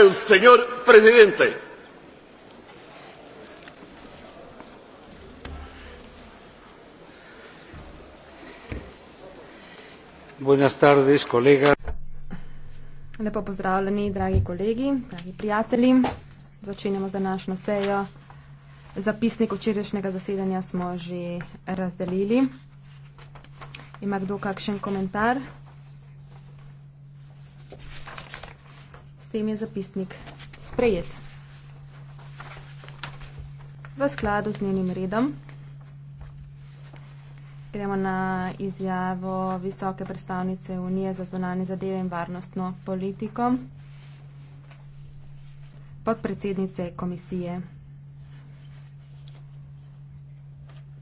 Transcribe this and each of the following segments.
el señor presidente. Buenas tardes, colegas. Lepo pozdravljeni, dragi kolegi, dragi prijatelji. Začenjamo za našo sejo. Zapisnik včerajšnjega zasedanja smo že razdelili. Ima kdo kakšen komentar? tem je zapisnik sprejet. V skladu z njenim redom gremo na izjavo visoke predstavnice Unije za zunanje zadeve in varnostno politiko podpredsednice komisije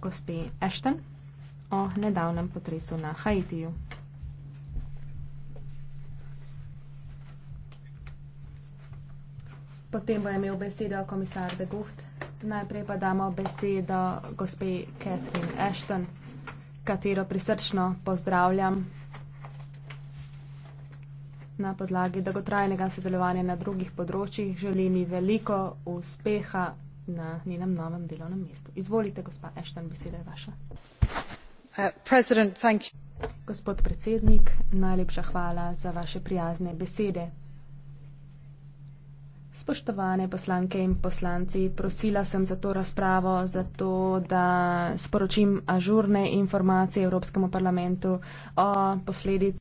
gospe Ashton o nedavnem potresu na Haitiju. Potem bo imel besedo komisar De Gucht. Najprej pa damo besedo gospe Catherine Ashton, katero prisrčno pozdravljam na podlagi dolgotrajnega sodelovanja na drugih področjih. Želim ji veliko uspeha na njenem novem delovnem mestu. Izvolite, gospa Ashton, beseda je vaša. Uh, gospod predsednik, najlepša hvala za vaše prijazne besede. Spoštovane poslanke in poslanci, prosila sem za to razpravo, zato da sporočim ažurne informacije Evropskemu parlamentu o posledicah.